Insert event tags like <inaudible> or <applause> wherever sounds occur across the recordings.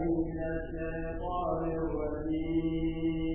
من الشيطان الرجيم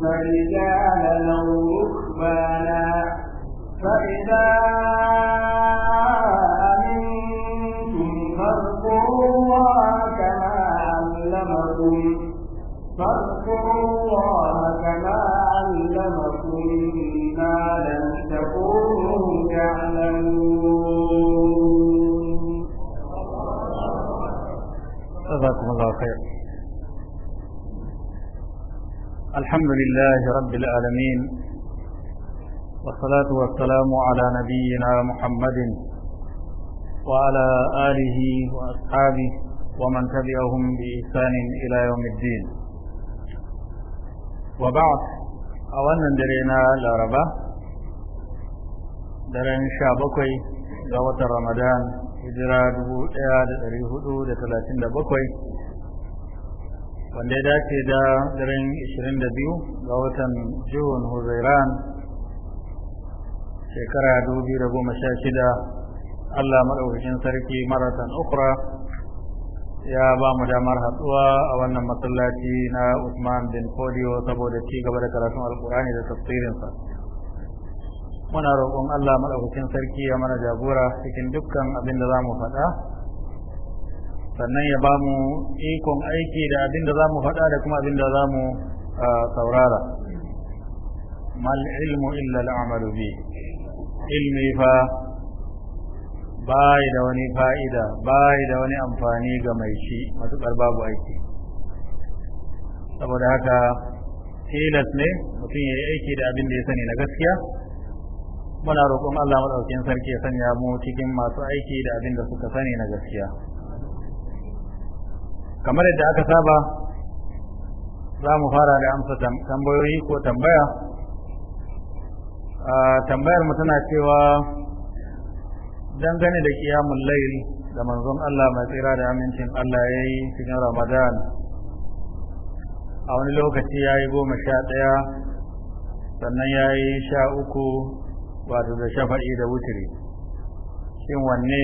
فإذا الحمد لله رب العالمين والصلاة والسلام على نبينا محمد وعلى آله وأصحابه ومن تبعهم بإحسان إلى يوم الدين وبعد أولا درينا لاربا درين شابكوي دوة رمضان hijira 1437 wanda ya dace da daren 22 ga watan jihun huzairan shekara 2016 allah maɗaukakin sarki maratan ukra ya ba mu damar hatsuwa a wannan masallaci na usman bin fodiyo saboda ci gaba da karatun alkurani da tafsirinsa muna roƙon allah maɗaukakin sarki ya mana jagora cikin dukkan abin da za mu faɗa sannan ya ba mu ikon aiki da abin da za mu faɗa da kuma abin da za mu saurara mal ilmu illa al'amalu bi ilmi fa ba da wani fa'ida ba da wani amfani ga mai shi matuƙar babu aiki saboda haka tilas ne mutum ya yi aiki da abin da ya sani na gaskiya muna roƙon Allah maɗaukin sarki ya sanya mu cikin masu aiki da abin da suka sani na gaskiya kamar yadda aka saba za mu fara da amsa tambayoyi ko tambaya a tambayar mu tana cewa dangane da kiyamun layin da manzon Allah mai tsira da amincin Allah ya yi cikin Ramadan a wani lokaci ya yi goma sha ɗaya sannan ya yi sha uku wato da shafa'i da wuturi. shin wanne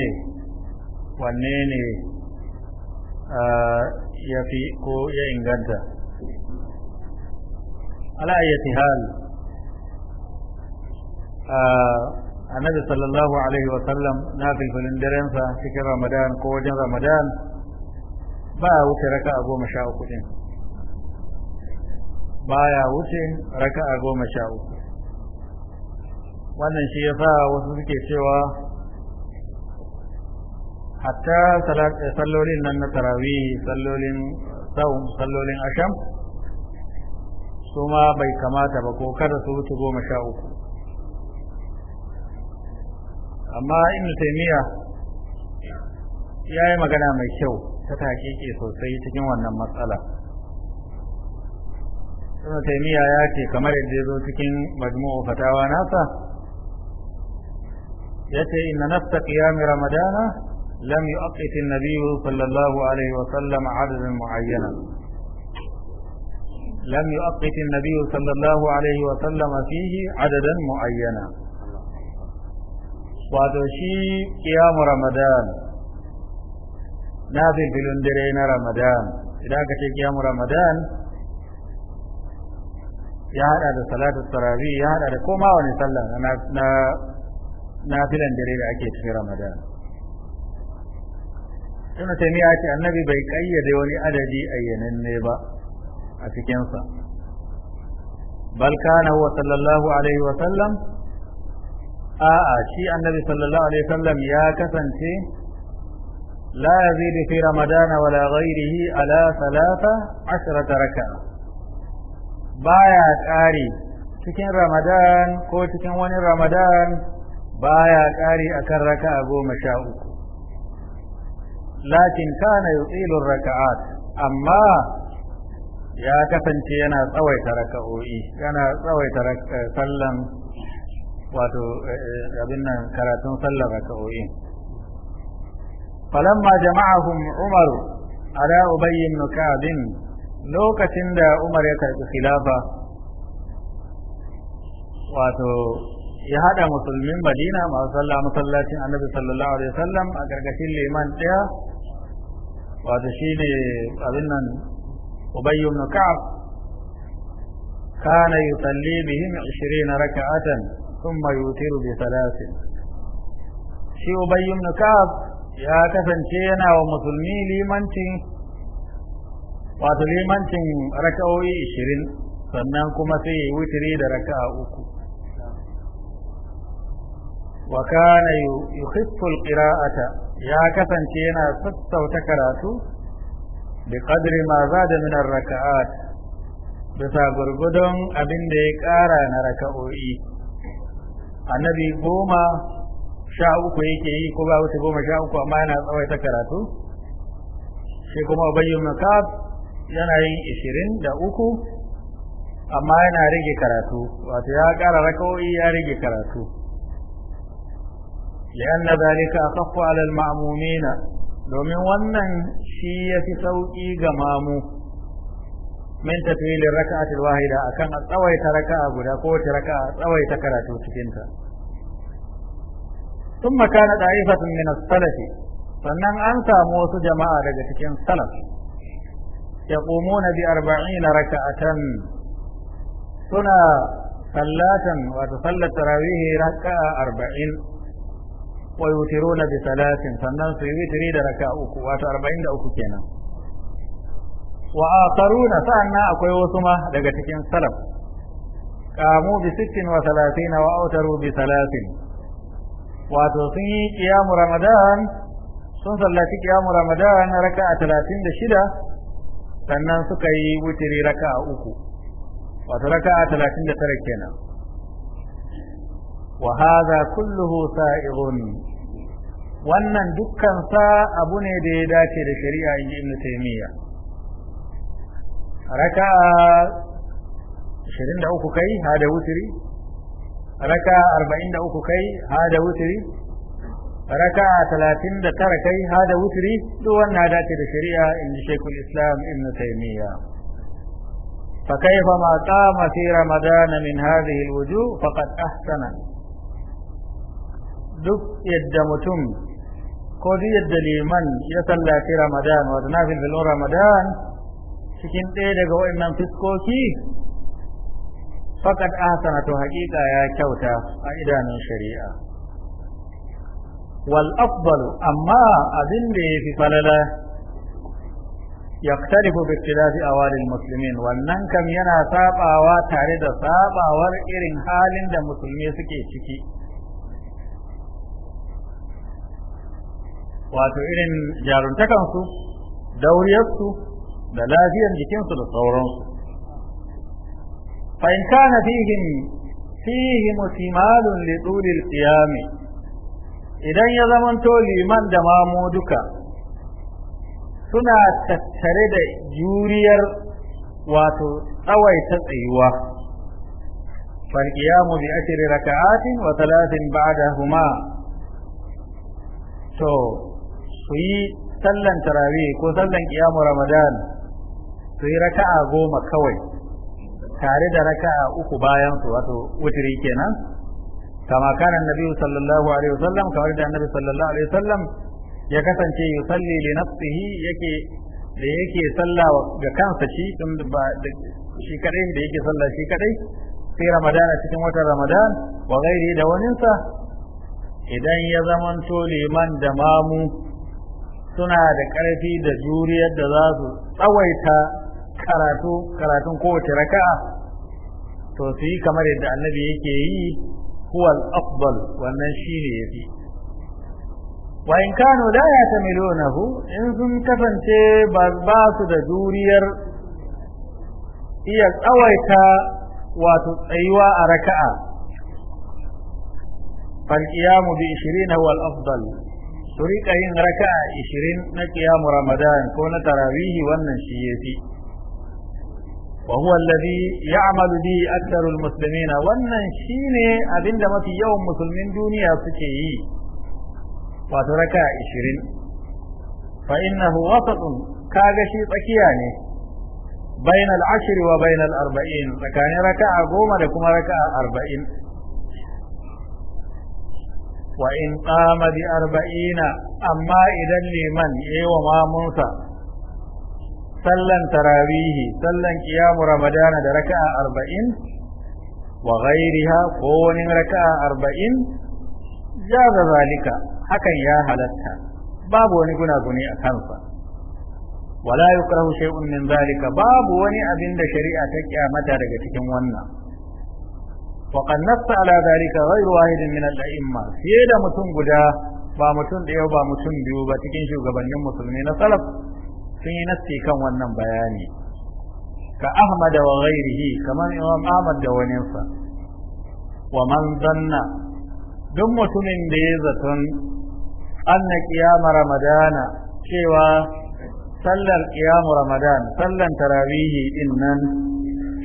wanne ne ya fi ko ya inganta ala'ayyati hal annabi sallallahu alaihi wa sallam na filfilin darensa cikin ramadan ko wajen ramadan ba ya wuce raka a goma sha uku din. ba ya wuce raka a goma sha uku wannan shi ya sa wasu suke cewa hatta sallolin nan na tarawi, sallolin saum sallolin asham su ma bai kamata ba ko kada su wuce goma sha uku amma in taymiya ya yi magana mai kyau ta ke sosai cikin wannan matsala ibn taymiya ya ce kamar yadda ya zo cikin majmu'u fatawa nasa ya ce inna nafsa qiyam ramadana لم يؤقت النبي صلى الله عليه وسلم عددا معينا لم يؤقت النبي صلى الله عليه وسلم فيه عددا معينا وادوشي قيام رمضان نابل بلندرين رمضان إذا كنت قيام رمضان يعني على صلاة الصرابي يعني على كما ونسلم نابل بلندرين أكيد في رمضان ta miya ce annabi bai kayyade wani adadi ayyananne ba a cikinsa. sa bal sallallahu alaihi wa sallam a'a shi annabi sallallahu alaihi wa sallam ya kasance لا يزيد في رمضان ولا غيره على ثلاثة عشرة ركعة بايا kari cikin Ramadan ko cikin wani Ramadan baya ƙari akan raka'a goma sha uku lakin kana yutilu raka'at amma ya kasance yana tsawaita raka'o'i yana tsawaita sallan wato abin nan karatun sallar raka'o'i falamma jama'ahum umar ala ubay ibn ka'b lokacin da umar ya karbi khilafa wato ya hada musulmin madina masu sallah masallacin annabi sallallahu alaihi wasallam a gargashin liman daya wata shi ne abin nan ubayyu ibn ka'ab kana yusalli bihim 20 raka'atan thumma yutiru bi thalathin shi ubayyu ibn ka'ab ya kasance yana wa musulmi limancin wato limancin raka'o'i 20 sannan kuma sai ya wutiri da raka'a uku wa kana yukhiffu al-qira'ata ya kasance yana sassauta karatu bi kadiri ma zada min ar-raka'at bisa gurgudun abin da ya ƙara na raka'o'i annabi goma sha uku yake yi ko ba wuce goma sha uku amma yana tsawaita karatu shi kuma ubayyu makab yana yin ishirin da uku amma yana rage karatu wato ya ƙara raka'o'i ya rage karatu لأن ذلك أخف على المعمومين domin wannan shi ya fi sauƙi ga mamu min tafilin raka'atul wahida akan a tsawaita raka'a guda ko raka'a tsawaita karatu cikinta ثم كان طائفة من السلف sannan an samu wasu jama'a daga cikin salaf yaqumuna bi arba'ina raka'atan suna sallatan wato sallar arba'in wa yutiruna bi salatin sannan su yi witri da raka uku wato 43 kenan wa akaruna sa'annan akwai wasu ma daga cikin salaf kamu bi wa 30 wa autaru bi wato sun yi kiyamu ramadan sun sallaci kiyamu ramadan raka'a sannan suka yi witri raka'a uku wato raka'a 39 kenan wa hadha kulluhu sa'ighun wannan dukkansa abu ne da ya dace da shari'a in ji ibn taymiya raka'a 23 kai hada wuturi, raka a 43 kai hada wuturi, raka a 39 kai hada wuturi, duk wannan ya dace da shari'a in ji Sheikhul Islam taimiyya. Ibn Taymiyyah فكيف ما قام في رمضان من هذه الوجوه فقد أحسن duk yadda mutum ko duk yadda liman ya sallaci ramadan wata nafil filin ramadan cikin ɗaya daga waɗannan fiskoki fakat ahsana to haƙiƙa ya kyauta a idanun shari'a wal afdalu amma abin da fi falala yaktarifu bi ikhtilafi awalil muslimin wannan kam yana sabawa tare da sabawar irin halin da musulmi suke ciki wato irin jaruntakansu dauriyarsu da lafiyar jikinsu da sauransu fa in kana fihim fihim timalun li tulil qiyami idan ya zamanto liman da mamu duka suna tattare da juriyar wato tsawaita tsayuwa فالقيام بعشر ركعات وثلاث بعدهما تو so, su yi sallan tarawe ko sallan kiyamu ramadan su yi raka'a goma kawai tare da raka'a uku bayan su wato wutiri kenan kama kana nabi sallallahu alaihi wasallam kamar da nabi sallallahu alaihi wasallam ya kasance yusalli li nafsihi yake da yake salla ga kansa shi tun ba shi kadai da yake salla shi kadai sai ramadan a cikin watan ramadan wa gairi da waninsa idan ya zamanto liman da mamu suna da ƙarfi da juriyar da za su tsawaita karatu karatun kowace raka'a to su yi kamar yadda annabi yake yi huwal afdal wannan shine yafi wa in kanu la yatamilunahu in sun kasance ba su da juriyar iya tsawaita wato tsayuwa a raka'a fal qiyamu bi 20 huwal afdal su rika yin raka ishirin na kiyamu ramadan ko na tarawihi wannan shi ya fi wa huwa alladhi ya'malu bi aktharu almuslimin wannan shine abinda mafi yawan musulmin duniya suke yi wato raka ishirin fa innahu wasatun kaga shi tsakiya ne bainal ashri wa bainal arba'in tsakanin raka'a goma da kuma raka'a arba'in wa in qama bi arba'ina amma idan liman yayi wa mamunsa sallan tarawihi sallan qiyamu ramadana da raka'a arba'in wa ko wani raka'a arba'in jaza zalika hakan ya halatta babu wani gunaguni a kansa wala yukrahu shay'un min zalika babu wani abin da shari'a ta mata daga cikin wannan وقد نص على ذلك غير واحد من الأئمة سيدا متون قدا با متون ديو با متون بيو با تكين شو قبل مسلمين صلب في نسي كم ونن بياني كأحمد وغيره كمان إمام أحمد وننسى ومن ظن duk mutumin da ya zaton anna kiyama ramadana cewa sallar kiyamu ramadan sallan tarawihi din nan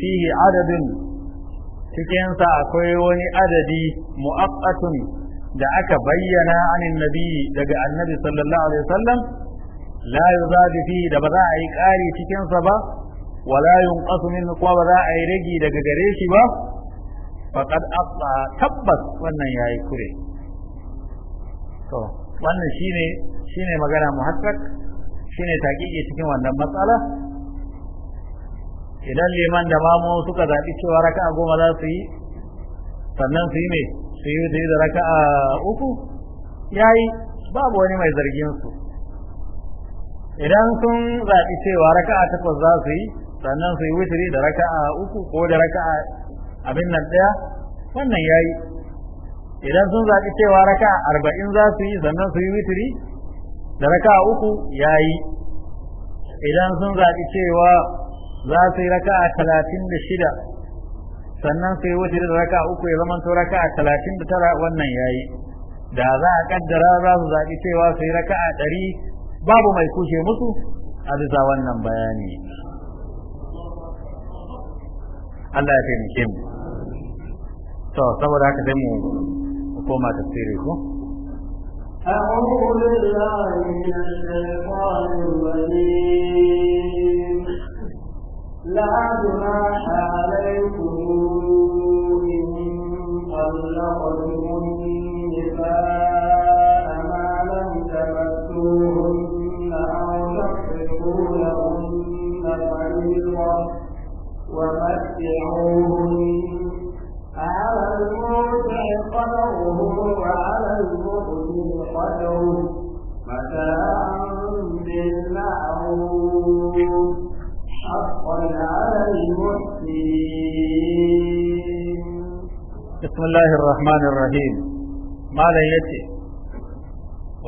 fihi adadin cikinsa akwai wani adadi mu'aqqatun da aka bayyana anin nabi daga annabi sallallahu alaihi wasallam la yuzadi fi da ba za a yi ƙari cikinsa ba wala yunqasu min kuwa ba za a yi ragi daga gare shi ba faqad aqta tabbas wannan yayi kure to wannan shine shine magana muhakkak shine taqiqi cikin wannan matsala idan liman da mamu suka zaɓi cewa raka'a goma za su yi sannan su yi ne su yi da da raka'a uku yayi babu wani mai zargin su idan sun zaɓi cewa raka'a takwas za su yi sannan su yi witiri da raka'a uku ko da raka'a abin nan ɗaya wannan yayi idan sun zaɓi cewa raka'a arba'in za su yi sannan su yi witiri da raka'a uku yayi idan sun zaɓi cewa za su yi raka'a talatin da shida sannan yi wuce da raka uku ya zama to raka talatin da tara wannan ya yi da za a kaddara za su zaɓi cewa yi raka a ɗari babu mai kushe musu a bisa wannan bayani Allah ya taimake mu to saboda haka sai mu koma tafsiri ko أعوذ بالله من الشيطان الرجيم لا جناح عليكم إن طلقتم النساء ما لم تمسوهن أو تحرقوا لهن فريضة ومتعوهن على الموسع قدره وعلى المؤمن قدره الرجيم بسم الله الرحمن الرحيم ما لا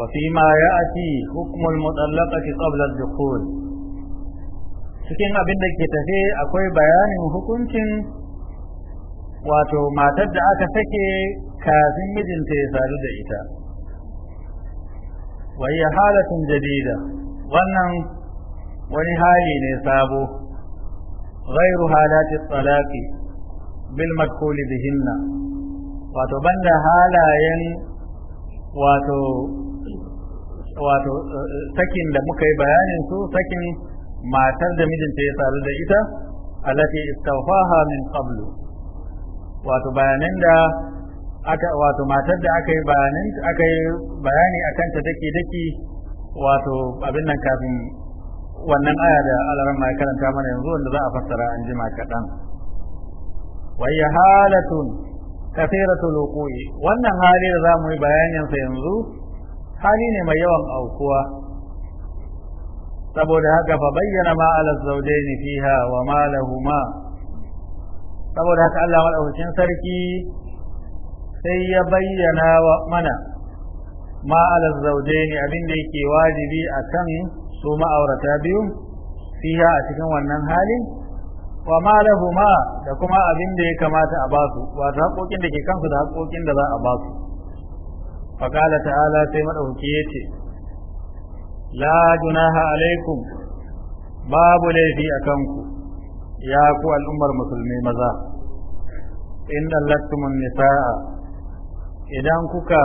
وفيما يأتي حكم المطلقة قبل الدخول cikin abin da ke tafe akwai bayanin hukuncin wato matar da aka sake kafin mijinta ya sadu da ita wa iya halatun jadida wannan wani hali ne sabo غير حالات الطلاق بالمدخول بهن wato banda halayen wato wato sakin da muka yi bayanin su sakin matar da mijinta ya saru da ita alati istawfaha min qablu wato bayanin da aka wato matar da aka yi bayanin aka yi bayani akan ta dake dake wato abin nan kafin wannan aya da alaran ma ya karanta mana yanzu wanda za a fassara an jima kaɗan wayya halatun kasiratul wuqu'i wannan hali da za mu yi bayanin sa yanzu hali ne mai yawan aukuwa saboda haka fa bayyana ma ala zawjaini fiha wa ma saboda haka Allah madaukakin sarki sai ya bayyana wa mana ma ala abin da yake wajibi akan su ma'aurata biyu fiha a cikin wannan halin wa ma lahuma da kuma abin da ya kamata a basu wato haƙoƙin da ke kansu da haƙoƙin da za a basu fa qala ta'ala sai madaukaki yace la junaha alaikum babu laifi a kanku ya ku al'ummar musulmi maza in dallaktumun nisa'a idan kuka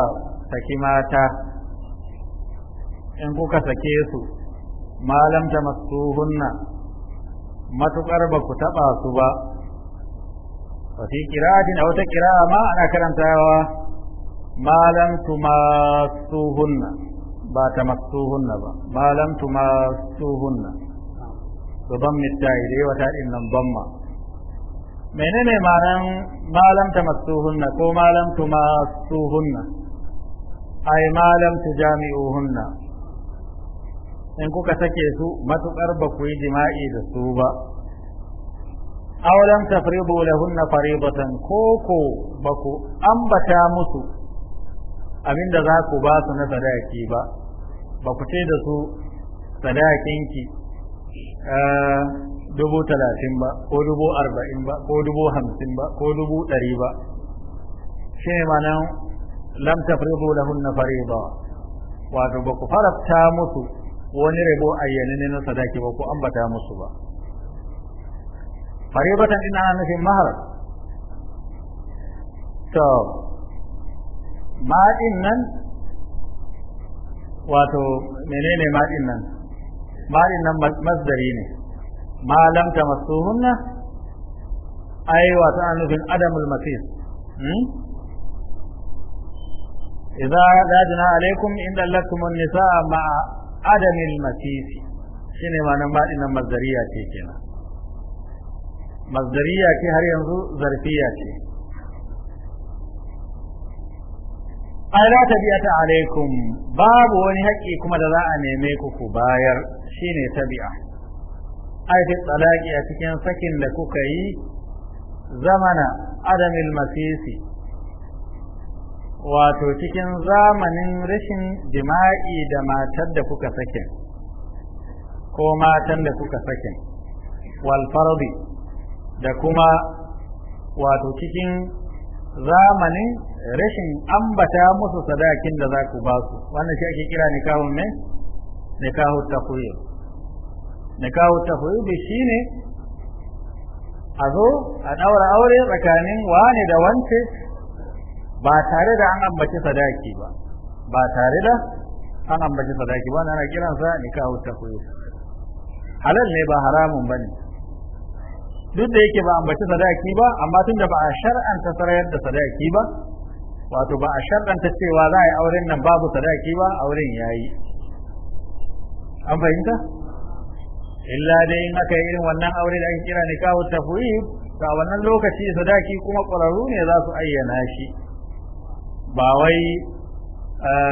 saki mata in kuka sake su malam ta masuhunna matuƙar ba ku taɓa su ba wafi kira'atin a wata kira'a ma ana karantawa malam tu masuhunna ba ta masuhunna ba malam tu masuhunna gaban mittayi da yawa ta ɗin nan bamma menene ma'anan malam ta masuhunna ko malam tu masuhunna ai malam tu jami'uhunna in kuka sake su matukar ba ku yi jima'i da su ba awalan tafribu lahunna faribatan ko ko ba ku ambata musu da za ku ba su na sadaki ba ba ku ce da su sadakin ki eh, dubu talatin ba ko dubu arba'in ba ko dubu hamsin ba ko dubu ɗari ba shi ne ma nan lam tafridu lahunna wato ba ku farabta musu wani rabo ayyananne na sadaki ba ko bata musu ba batan ina nufin mahar to ma'adin nan wato menene ma'adin nan ma'adin nan masdari ne ta lam tamassuhunna ai wato ana nufin adamul masis إذا دادنا عليكم إن لكم النساء مع adamil masisi shine ma'anar maɗinan mazdariya ce kenan mazdariya ce har yanzu zarfiya ce ai biya ta alaikum babu wani haƙƙi kuma da za a neme ku ku bayar shine tabi'a ai fi talaqi a cikin sakin da kuka yi zamana adamil masisi wato cikin zamanin rashin jima'i da matar da kuka sake ko matan da kuka sake wal da kuma wato cikin zamanin rashin ambata musu sadakin da za ku ba su wannan shi ake kira nikahun ne nikahu tafwid nikahu tafwid shine a zo a daura aure tsakanin wane da wance ba tare da an ambaci sadaki ba ba tare da an ambaci sadaki ba ana kiransa nikahu takwir halal ne ba haramun bane duk da yake ba ambaci sadaki ba amma tunda ba a shar'anta sarayar da sadaki ba wato ba a shar'anta cewa za a yi auren nan babu sadaki ba auren yayi an fahimta illa dai in aka yi irin wannan aure da ake kira nikahu takwir to a wannan lokaci sadaki kuma ƙwararru ne za su ayyana shi ba wai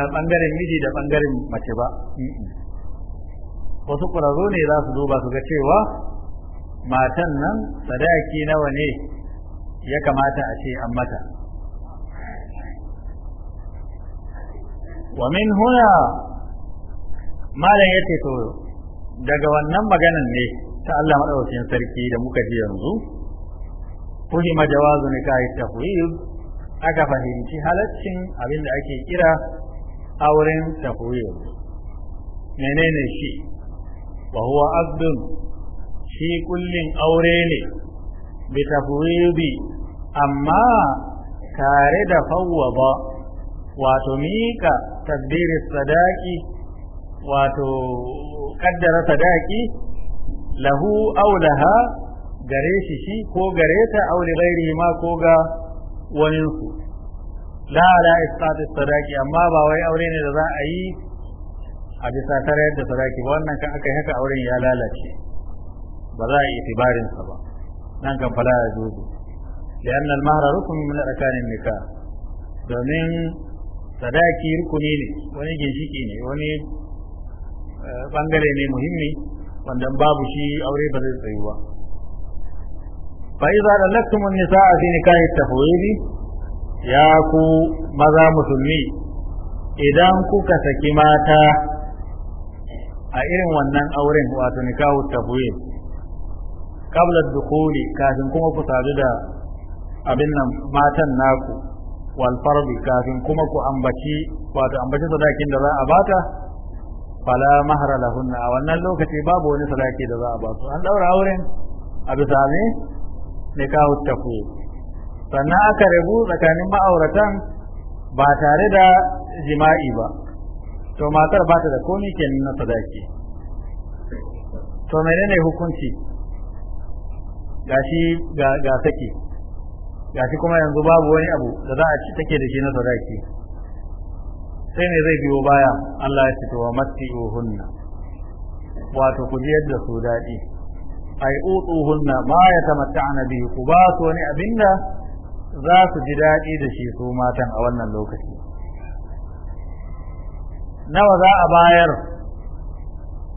bangaren eh, miji da bangaren mace ba wasu ƙwararru ne za su duba su ga cewa matan nan sadaki nawa ne ya kamata a ce an mata wa min huna malam ya ce to daga wannan maganan ne ta Allah maɗaukacin sarki da muka ji yanzu fuhima jawazu yi tafwid aka fahimci halaccin abin da ake kira auren tafiyo menene shi wa huwa abdun shi kullin aure ne bi tafwidi amma tare da fawwada wato mika tadbiri sadaki wato kaddara sadaki lahu aulaha gare shi shi ko gare ta auli ma ko ga waninsu la ala isqati sadaqi amma ba wai aure ne da za a yi a bisa tare da sadaki wannan kan aka haka auren ya lalace ba za a yi itibarin sa ba nan kan fala ya juzu lian al mahra rukun min arkanin nikah domin sadaki rukuni ne wani ginshiki ne wani eh, bangare ne muhimmi wanda babu shi aure ba zai tsayuwa ba فإذا للتم النساء في نكاح التفويض يا كو مذا مسلمي idan kuka saki mata a irin wannan auren wato nikahu tafwid qabla dukhuli kafin kuma ku sadu da abin matan naku wal fardi kafin kuma ku ambaci wato ambaci sadakin da za a bata fala mahra lahunna a wannan lokaci babu wani sadaki da za a ba an ɗaura auren a bisa ne kawo tafu. sannan aka rabu tsakanin ma'auratan ba tare da jima'i ba to matar ba ta da komi kenan na sadaki to menene hukunci ga ga ga saki shi kuma yanzu babu wani abu da za a ci take da shi na sadaki sai ne zai biyo baya Allah ya ce to wa matti hunna wato ku ji yadda su daɗi ay utuhunna ma yatamatta'na bi ku ba su wani abinda za su ji daɗi da shi su matan a wannan lokaci nawa za a bayar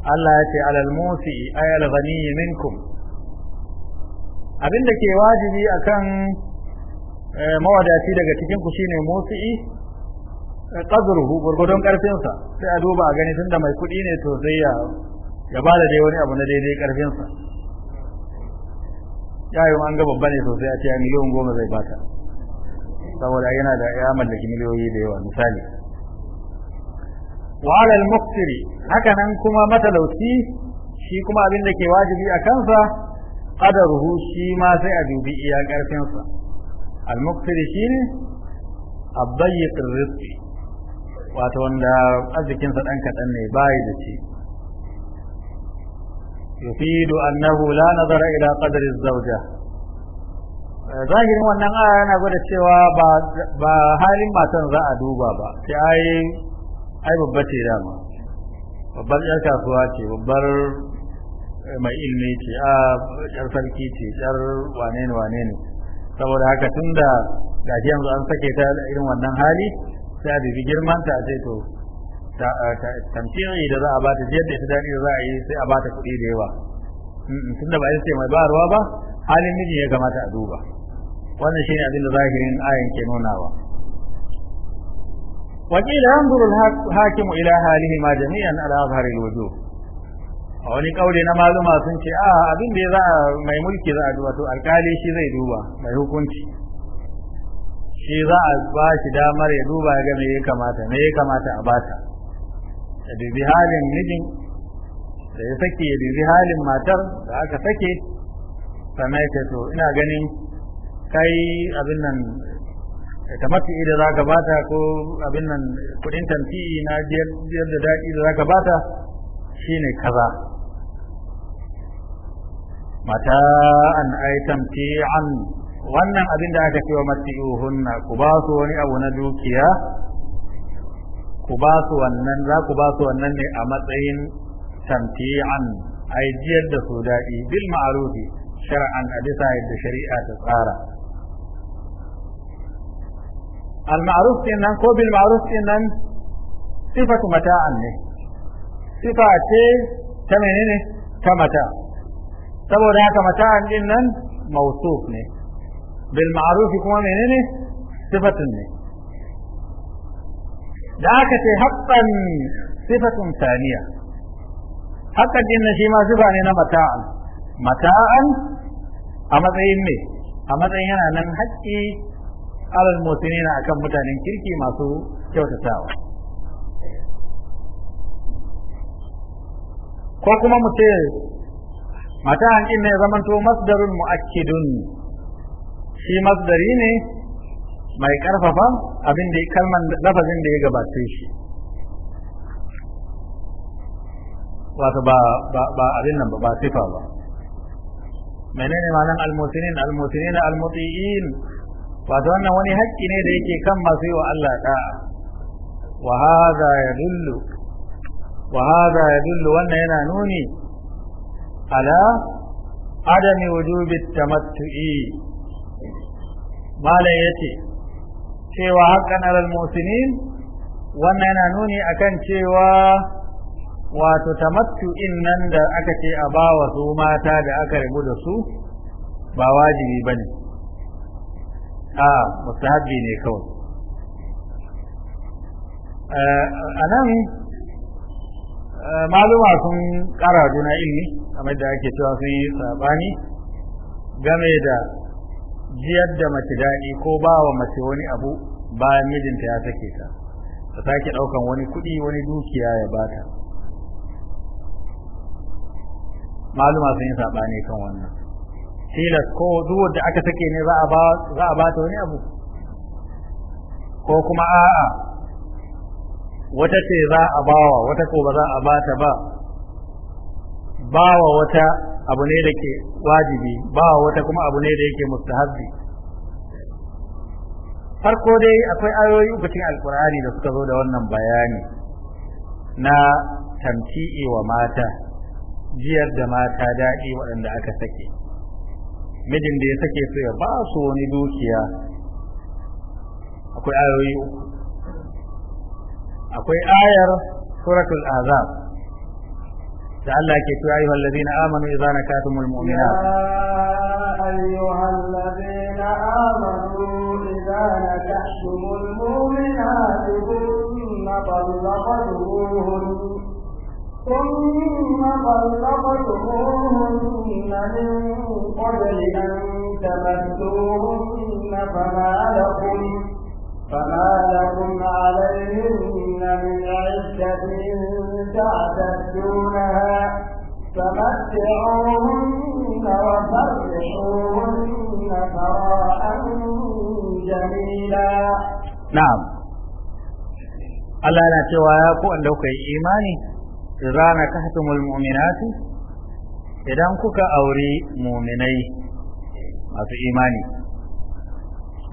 Allah ya ce alal musi ay al ghani minkum abinda ke wajibi akan mawadaci daga cikin ku shine musi'i qadruhu karfin karfinsa sai a duba a gani tunda mai kuɗi ne to sai ya ya bada dai wani abu na daidai karfinsa ya yi an ga babba ne sosai a ce miliyan goma zai bata saboda yana da ya mallaki miliyoyi da yawa misali wa alal muqtiri haka nan kuma matalauci shi kuma abin da ke wajibi a kansa qadaruhu shi ma sai a dubi iya karfin sa al muqtiri shine abdayiq rizqi wato wanda arzikin sa dan ne bai da shi يفيد أنه لا نظر إلى قدر الزوجة zahirin wannan aya yana gwada cewa ba halin matan za duba ba sai ai ai babba ce dama babbar yar kasuwa ce babbar mai ilmi ce a yar sarki ce yar wane ne saboda haka tun da gashi yanzu an sake ta irin wannan hali sai a bibi girman ta a ce Eh, tamfiyani da za a bata jiyar da ita daɗi da za a yi sai a bata kuɗi da yawa tun da ba ita ce mai bayarwa ba halin miji ya kamata a duba wannan shi ne abin da zahirin ayan ke nunawa an ينظر hakimu ila halihi ma jami'an al'azhari lojo a wani kaure na maluma sun ce a ah, abin da za mai mulki za a duba to alkali shi zai duba mai hukunci shi za a ba shi damar ya duba ga me ya kamata me ya kamata a bata ya dubi halin mijin da ya sake ya dubi halin matar da aka sake sannan ya to ina ganin kai abin nan ta ta da za ka bata ko abin nan kudin tamti na biyar da daɗi da za ka bata shi ne kaza mata an aitam an wannan abin da aka ce cewa mati'uhunna ku ba su wani abu na dukiya ku ba su wannan za ku ba su wannan ne a matsayin tamti'an ai jiyar da su daɗi bil ma'arufi shar'an a bisa yadda shari'a ta tsara al-ma'ruf din nan ko bil ma'ruf din nan sifatu mata'an ne sifa ce ta menene ta mata saboda haka mata'an din nan mawsuf ne bil ma'ruf kuma menene sifatun ne da aka ce haƙƙan sifatun taniya haqqan din shi ma zuba ne na mata'an mata'an a matsayin me a matsayin yana nan haƙƙi alal na akan mutanen kirki masu kyautatawa ko kuma mu ce mata'an din ne zamanto masdarun mu'akkidun shi masdari ne mai karfafa abin da ya kalman lafazin da ya gabace shi wato ba ba abin nan ba ba sifa ba menene ma'anar almutinin Almutinin almuti'in wato wannan wani haƙƙi ne da yake kan masu yi wa Allah da'a wa ya dullu, wa ya dullu wannan yana nuni ala adami wujubi tamattu'i malam yace cewa haƙan alal musulmin wannan yana nuni akan cewa wato in nan da aka ce a ba wa su mata da aka rabu da su ba wajibi ba bane a mustahabbi ne kawai a nan maluma sun kara juna ilmi kamar da ake cewa sun yi saɓani, game da jiyar da mace daɗi ko ba wa mace wani abu bayan mijinta ya sake ta ta sake ɗaukan wani kuɗi wani dukiya ya bata maluma sun yi saɓani kan wannan tilas ko duk da aka sake ne za a ba ta wani abu ko kuma a'a wata ce za a bawa wata ko ba za a bata ba bawa wata abu ne da ke wajibi bawa wata kuma abu ne da yake mustahabbi farko dai akwai ayoyi uku cikin alkur'ani da suka zo da wannan bayani na tamti'i wa mata jiyar da mata daɗi waɗanda aka sake mijin da ya sake su ya ba su wani dukiya akwai ayoyi uku akwai ayar suratul azab da Allah ke cewa ayyuhal ladina amanu idza nakatumul mu'minat ayyuhal ladina amanu idza nakahtumul mu'minat thumma talaqtuhunna ثم طلقتموهن من قبل أن تمسوهن فما لكم فما لكم عليهن من عدة تعتدونها فمتعوهن وفرحوهن فراحا جميلا نعم Allah yana cewa ya ku wanda kuka yi imani idza nakahtumul mu'minati idan kuka aure mu'minai masu imani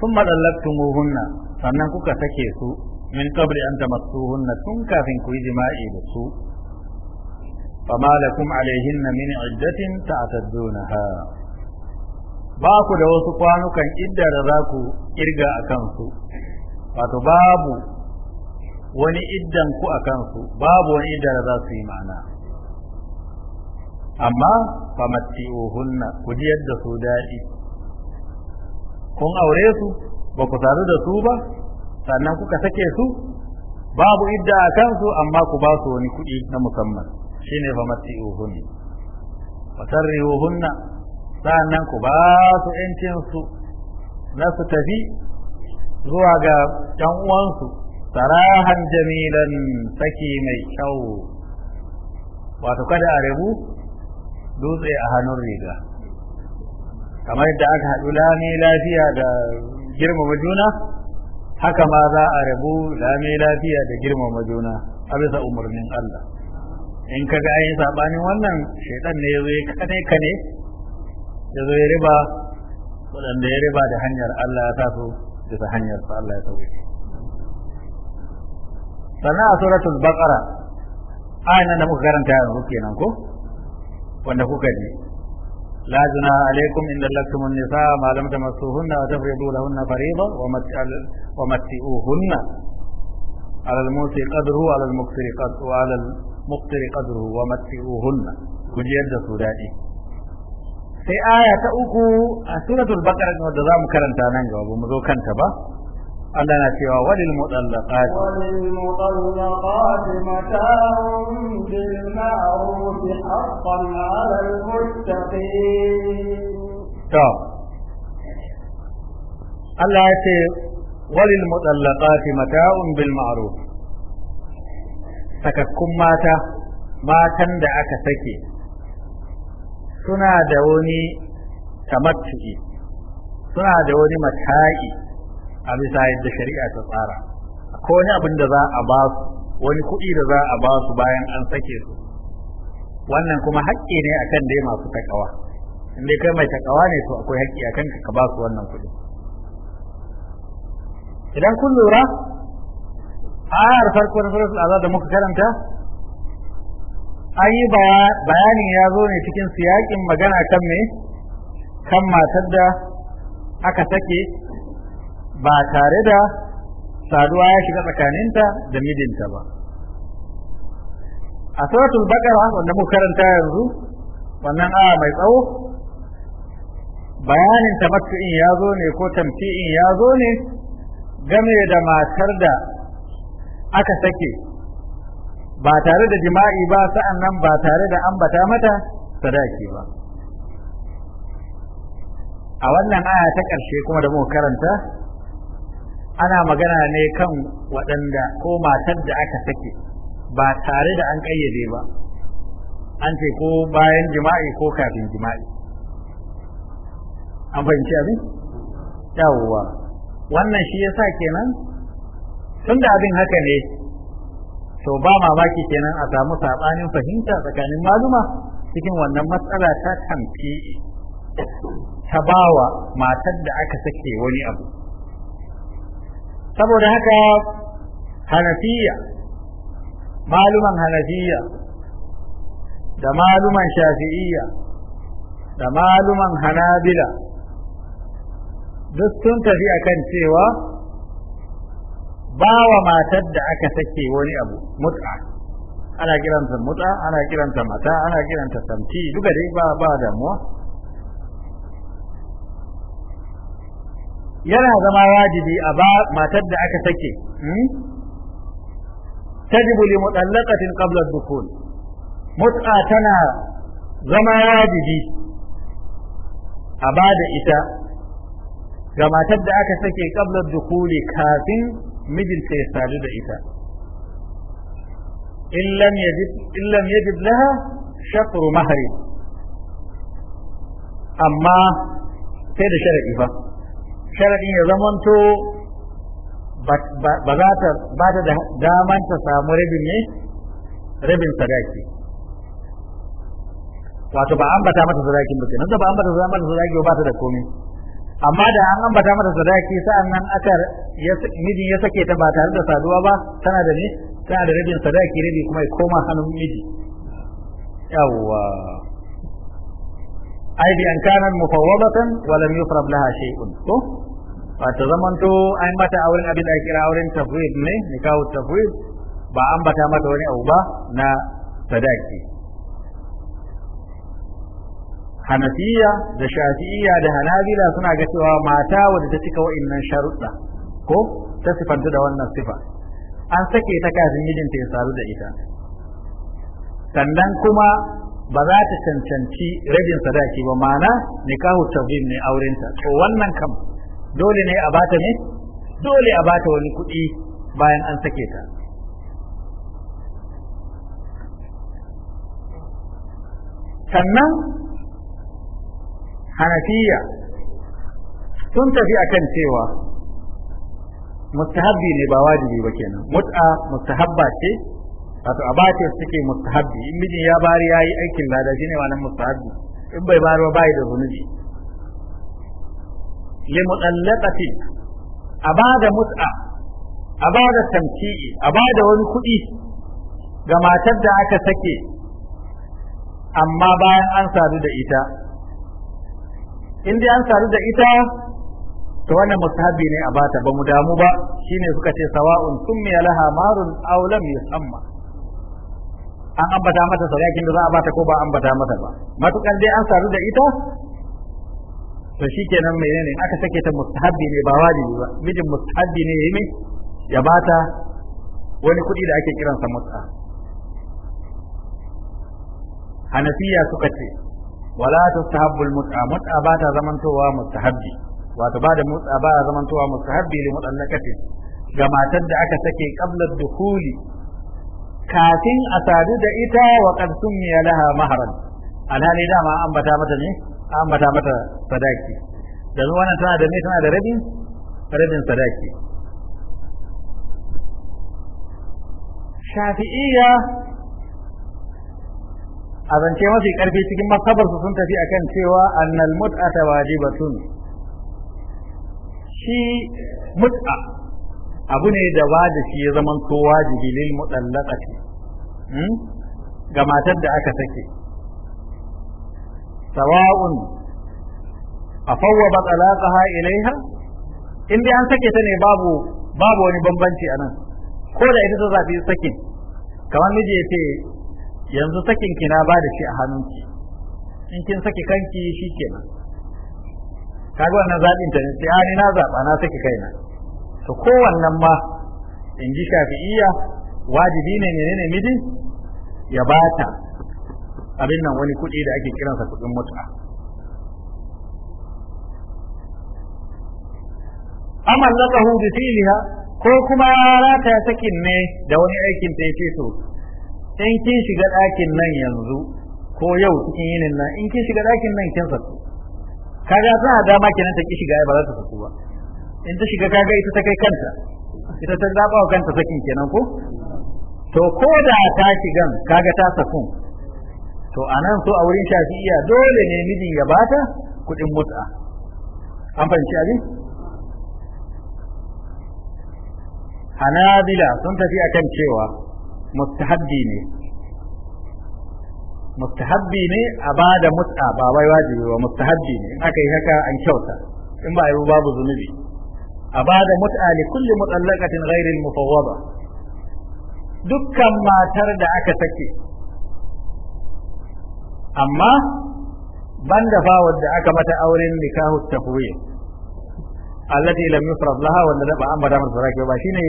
sun madallatu muhunna sannan kuka sake su min 'yanta an hunna tun kafin ku yi jima'i da su fama lakum alaihinna min iddatin ta'taddunaha ba ku da wasu kwanukan idda za ku kirga a kansu wato babu wani iddan ku a kansu babu wani idda za su yi ma'ana amma famatti'uhunna ku ji yadda su daɗi kun aure su ba ku sadu da su ba sannan kuka sake su babu idda a kansu amma ku ba su wani kuɗi na musamman shine fa mati'uhunna wa sarrihuhunna sannan ku ba su yancin su na su tafi zuwa ga ɗan uwansu sarahan jamilan saki mai kyau wato kada a rabu dutse a hannun riga kamar da aka haɗu lami lafiya da girmama juna haka ma za a rabu lami lafiya da girmama juna a bisa umarnin Allah in ka ga ayi sabanin wannan shaitan ne yazo ya kane kane yazo ya riba wadanda ya riba da hanyar Allah ya sa su bisa hanyar sa Allah ya sauke sannan a suratul baqara ayan da muka karanta yanzu kenan ko wanda kuka ji لا جناح عليكم إن دلتم النساء ما لم تمسوهن وتفرضوا لهن فريضة ومتئوهن على الموسي قدره وعلى المقتر قدره وعلى المقتر قدره ومتئوهن كجيد سوداني sai aya ta uku a suratul baqara da za mu karanta nan gaba ba mu zo kanta ba Allah na cewa wadil mutallaqat wadil mutallaqat mata'un bil ma'ruf haqqan 'ala al muttaqin to Allah ya ce wadil mutallaqat mata'un bil ma'ruf sakakkun mata matan da aka sake suna da wani tamattu'i suna da wani mata'i a bisa yadda shari'a ta tsara ko wani abin da za a ba su wani kuɗi da za a ba su bayan an sake su wannan kuma haƙƙi ne akan dai masu takawa in dai kai mai takawa ne to akwai haƙƙi a kanka ka ba su wannan kuɗi idan kun lura ayar farko na suratul azab da muka karanta ayi bayani bayanin ya zo ne cikin siyakin magana kan me kan matar da aka sake ba tare da saduwa ya shiga tsakaninta da mijinta ba a suratul baqara wanda muka karanta yanzu wannan aya mai tsawo bayanin tamattu'in ya zo ne ko tamti'in ya zo ne game da matar da aka sake ba tare da jima'i ba sa'an nan ba tare da ambata mata sadaki ba a wannan aya ta ƙarshe kuma da muka karanta ana magana ne kan waɗanda ko matar da aka sake ba tare da an ƙayyade ba an ce ko bayan jima'i ko kafin jima'i an fahimci abin yawowa wannan shi ya sa kenan tun da abin haka ne to ba mamaki kenan a samu saɓanin fahimta tsakanin maluma cikin wannan matsala ta tamfi ta bawa matar da aka sake wani abu saboda haka hanafiya maluman hanafiya da maluman shafi'iyya da maluman hanabila duk sun tafi kan cewa ba wa matar da aka sake wani abu mut'a ana kiranta mut'a ana kiranta mata ana kiranta samti duka dai ba ba damuwa yana zama wajibi a ba matar da aka sake hmm? tajibu li mutallaqatin qabla dukul mut'a tana zama wajibi a ba da ita ga matar da aka sake qabla dukuli kafin mijinta ya sadu da ita in lam yajib laha shatru mahri amma sai da shar'i ba sharadin ya zamanto ba za ta ba ta daman ta samu rabin ne rabin sadaki wato ba ambata mata sadakin ba kenan ba ambata za mata sadaki ba ta da komai amma da an ambata mata sadaki sa'an nan aka miji ya sake ta ba tare da saduwa ba tana da ne tana da rabin sadaki rabi kuma ya koma hannun miji yawwa ai bi an kana mufawwadatan wa lam yufrad laha shay'un ko ba ta zamanto an mata auren abin da kira auren tafwid ne kawo tafwid ba an bata mata wani abu ba na sadaki hanafiya da shafi'iya da hanabila suna ga cewa mata wadda ta cika wa'innan sharuɗa ko ta sifanta da wannan sifa an sake ta kafin mijinta ya saru da ita sannan kuma ba za ta cancanci rabin sadaki ba ma'ana nikahu tazim ne aurenta to wannan kam dole ne a bata ne dole a bata wani kuɗi bayan an sake ta sannan hanafiya sun tafi a kan cewa mustahabbi ne ba wajibi ba kenan mut'a mustahabba ce wato abatis suke mustahabbi in mijin ya bari yayi aikin lada shine wannan mustahabbi in bai bari ba bai da zunubi li mutallaqati abada mut'a abada tamki'i abada wani kuɗi ga matar da aka sake amma bayan an sadu da ita in dai an sadu da ita to wannan mustahabbi ne a bata ba mu damu ba shine suka ce sawa'un summiya laha marun aw lam yusamma an ambata mata sadakin da za a bata ko ba ambata mata ba matukar dai an saru da ita to shi shikenan menene aka sake ta mustahabbi ne ba wajibi ba mijin mustahabbi ne ya yi mai ya bata wani kuɗi da ake kiransa mus'a. hanafiya suka ce wala tustahabbul mut'a mus'a ba ta zamantowa mustahabbi wato ba da mus'a ba zamantowa mustahabbi li mutallaqati ga matar da aka sake qabla dukhuli kafin a sadu da ita wa qad ya laha mahran alhali dama an bata mata ne an bata mata sadaki domin wannan tana da ne tana da rabin rabin sadaki shafi'iyya a zance mafi karfi cikin makabar su sun tafi akan cewa annal mut'ata wajibatun shi mut'a abu ne da ba da shi ya zaman to wajibi lil mutallaqati hmm? ga matar da aka sake sawa'un afawwada ha ilaiha in dai an sake ta ne babu babu wani bambanci anan ko da ita ta zafi sakin kamar miji ya ce yanzu sakin ki na ba da shi a hannunki in kin sake kanki shikenan kaga wannan zabin ta ne sai ani na zaba na sake kaina to kowannan ma in ji iya wajibi ne ne miji ya bata abin nan wani kuɗi da ake kiransa kuɗin mutu'a amma laqahu bi filiha ko kuma rata sakin ne da wani aikin ta yake so in kin shiga ɗakin nan yanzu ko yau cikin yinin nan in kin shiga ɗakin nan kin saku kaga za a dama kenan ta ki shiga ba za ta saku ba in ta shiga kaga ita ta kai kanta ita ta zaba wa kanta sakin kenan ko to ko da ta shigan kaga ta sakun to anan so a wurin shafi'iya dole ne mijin ya bata kuɗin mut'a an fahimci abin hanabila sun tafi akan cewa mustahabbi ne mustahabbi ne a ba da mut'a ba wai wajibi ba mustahabbi ne in aka yi haka an kyauta in ba yi babu zunubi أباد متأ لكل مطلقة غير المفوضة دكا ما ترد أكتكي أما بند فاود أكمة أور نكاه التقوية التي لم يفرض لها ولا لا أما دام الفراك وباشيني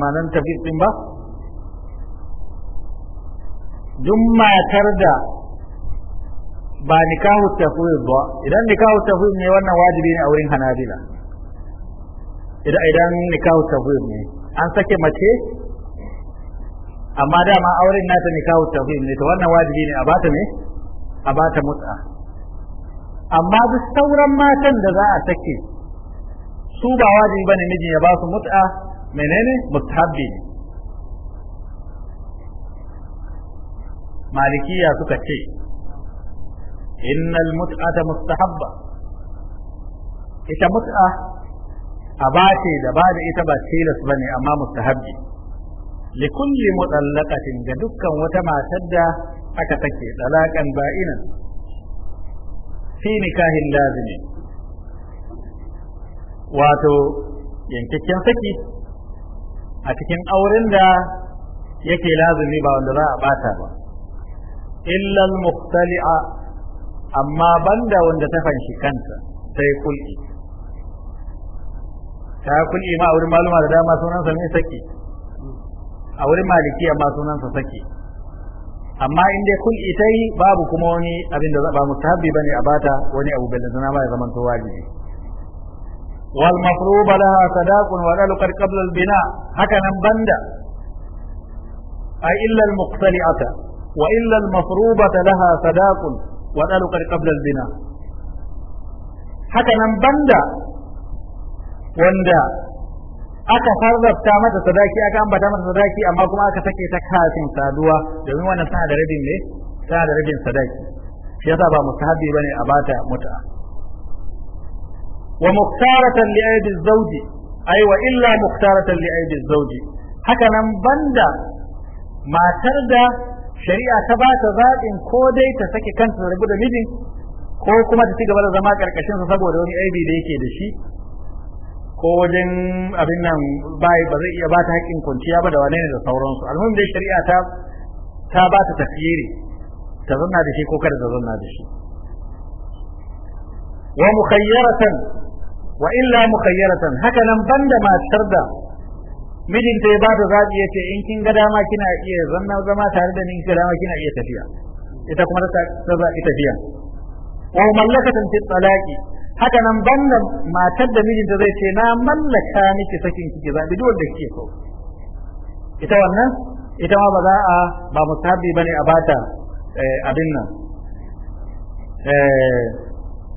ما ننتفي الصنبا دم ترد ba nikahu tafwid ba idan nikahu tafwid ne wannan wajibi ne a wurin hanabila idan idan nikahu tawhid ne an sake mace amma dama auren nata nikahu tawhid ne to wannan wajibi ne a bata ne a bata mut'a amma duk sauran matan da za a sake su ba wajibi bane miji ya ba su mut'a menene mutahabbi ne malikiya suka ce innal mut'ata mustahabba ita mut'a a bace da ba da ita ba tilas ba ne amma mustahabbi li kulli mutallaqatin ga dukkan wata matar da aka take dalakan ba'inan fi nikahin lazimi wato yankakken saki a cikin auren da yake lazimi ba wanda za a bata ba illal muftali'a. amma banda wanda ta fanshi kanta sai kulki ta kulli ma a wurin maluma da dama sunansa ne saki a wurin malikiya ma sunansa saki amma in dai kun ita yi babu kuma wani abin da ba mustahabbi bane a bata wani abu bai zina ma ya zaman to wajibi wal mafruba laha sadaqun wa dalu qad qabla al bina haka nan banda ay illa al muqtali'ata wa illa al mafrubata laha sadaqun wa dalu qad qabla al bina haka nan banda wanda aka sarrafta mata sadaki aka ambata mata sadaki amma kuma aka sake ta kafin saduwa domin wannan tana da rabin ne tana da rabin sadaki shi yasa ba mustahabi bane a bata mut'a wa mukhtaratan li aidi zawji ay wa illa mukhtaratan li aidi zawji haka nan banda matar da shari'a ta ba ta zaɓin ko dai ta sake kanta da rabu da mijin ko kuma ta ci gaba da zama karkashin sa saboda wani aibi da yake da shi ko wajen abin nan bai ba zai iya ba ta haƙƙin kwanciya ba da wane ne da sauransu alhum dai shari'a ta ta ba ta tafsiri ta zanna da shi ko kada ta zanna da shi wa mukhayyaratan wa illa mukhayyaratan haka nan banda matar da mijinta ya ba ta zaɓi ya ce in kin ga dama kina iya zanna zama tare da ni kin ga dama kina iya tafiya ita kuma ta zaɓi tafiya wa mallakatan fi talaqi haka nan bannan matar da mijinta zai ce na mallaka miki sakin kike zabi duk wanda kike so ita wannan ita ma ba za a ba musabi bane a bata eh, abin nan eh,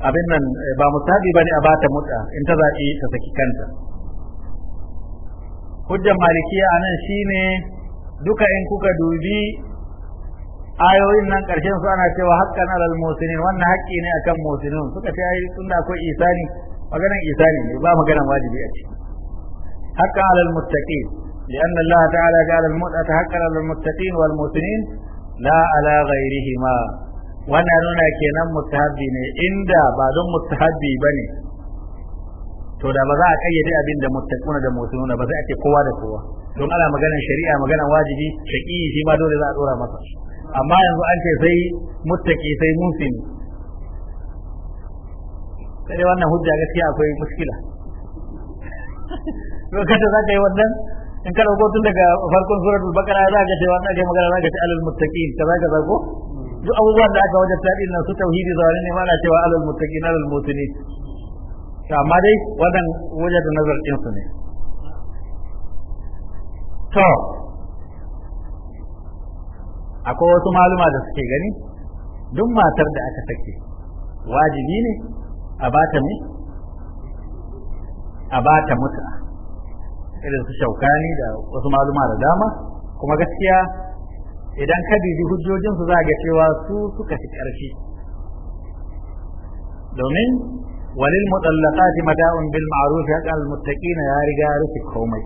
abin nan eh, ba musabi bane a bata mutsa in ta zabi ta saki kanta hujjar malikiya anan shine duka in kuka dubi ayoyin nan ƙarshen su ana cewa haƙƙan alal musinin wannan haƙƙi ne akan musinun suka ce ai tunda akwai isani maganar isa ne ba maganan wajibi a ciki haqqan alal muttaqin لأن الله تعالى جعل المتعة حقا للمتقين والمسنين لا على غيرهما وانا نونا كينا متحبي ne inda ba don mutahabbi bane to da ba za a kayyade abin da muttaquna da mutununa ba sai ake kowa da kowa don ana maganar shari'a maganar wajibi shaqi shi ma dole za a dora masa amma yanzu an ce sai mutaki sai musin sai wannan hujja gaskiya akwai muskila lokacin <laughs> da za ka yi wannan in ka dauko tun daga farkon suratul baqara za ka ce wannan kai magana za ka ce alal muttaqin ka kaza ko duk abubuwan da aka ta tadi nan su tauhidi zawarin ne mana cewa alal na alal mutini to amma dai wannan wajen da nazarin su ne to akwai wasu maluma da suke gani duk matar da aka sake wajibi ne a bata ne a bata mutu irin su shaukani da wasu maluma da dama kuma gaskiya idan ka hujjojinsu za ga cewa su suka fi ƙarfi domin walil mutallaqati mata'un bil ma'ruf ya muttaqina ya riga rufe komai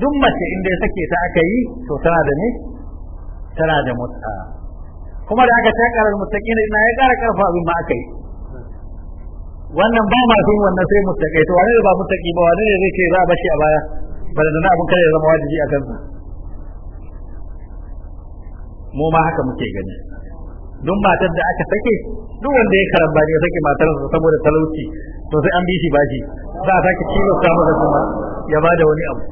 duk mace inda ya sake ta aka yi to tana da ne tana da mut'a kuma da aka takarar mutakin ina ya kara karfa abin ma aka yi wannan ba ma sun wannan sai mutakai to wani ba mutaki ba wani ne zai ce za a bashi a baya ba da abin kare ya zama wajibi a kansa mu ma haka muke gani duk matar da aka sake duk wanda ya karamba ne ya sake matarsa saboda talauci to sai an bi shi bashi za a sake samu da kuma ya bada wani abu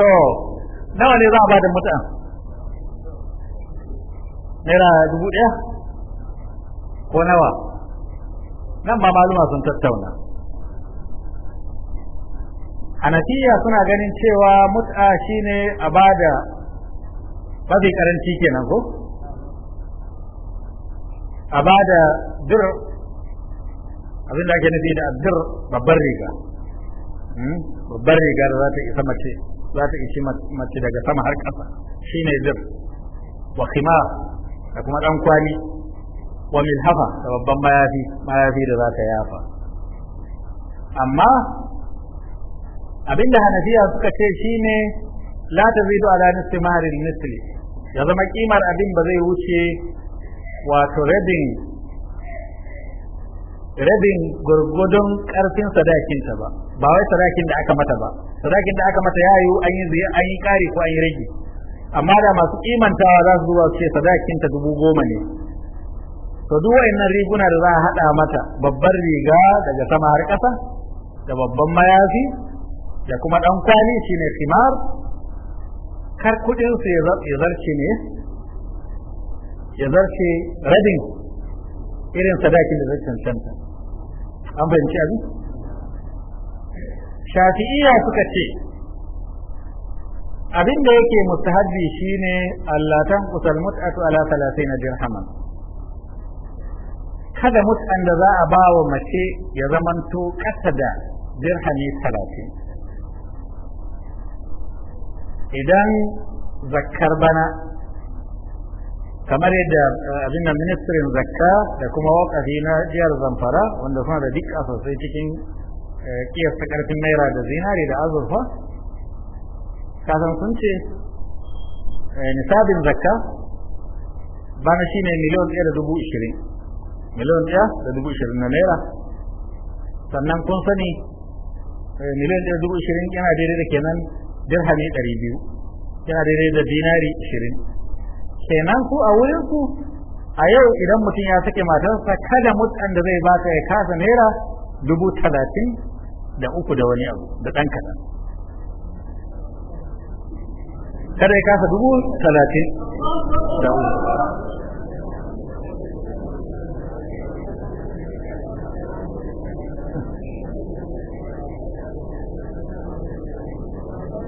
to nawa ne za a bada mutan naira dubu ɗaya ko nawa nan ba maluma sun tattauna hanafiya suna ganin cewa mut'a shine a bada mafi karanci kenan ko a bada dir abin da ake nufi da dir babbar riga hmm? babbar riga da za ta isa mace za ta ishi mace daga sama har ƙasa shine zir wa khima da kuma ɗan kwali wa milhafa da babban mayafi mayafi da za ta yafa amma abinda hanafiya suka ce shine la tazidu ala nisfi marin misli ya zama kimar abin ba zai wuce wato rabin rabin gurgudun karfin sadakinta ba ba wai sadakin da aka mata ba sadakin da aka mata yayu an yi zai an yi kare ko an yi rage amma da masu imantawa za su zuwa ce sadakinta dubu goma ne to duk wayannan riguna da za a hada mata babbar riga daga sama har kasa da babban mayafi da kuma dan kwali shine kimar kar kudin su ya zarce ne ya zarce rabin irin sadakin da zai cancanta an fahimci abin shafi'iya suka ce abin da yake mustahabbi shine Allah tan kusal mut'atu ala 30 dirhaman kada mut'an da za a ba wa mace ya zamanto kasa da dirhami 30 idan zakkar bana kamar yadda abin nan ministrin zakka da kuma wakafi na jihar zamfara wanda suna da duk a sosai cikin kiyasta karfin naira da zinari da azurfa kasan sun ce nisabin zakka bana shine miliyon ɗaya da dubu ishirin miliyon ɗaya da dubu ishirin na naira sannan kun sani miliyan ɗaya dubu ishirin yana daidai da kenan dirhami ɗari biyu yana daidai da dinari ishirin kenan ku a wurin ku a yau idan mutum ya sake matarsa kada mutan da zai baka ya kasa naira dubu talatin da uku da wani abu da ɗan kaɗan kada ya kasa dubu talatin da uku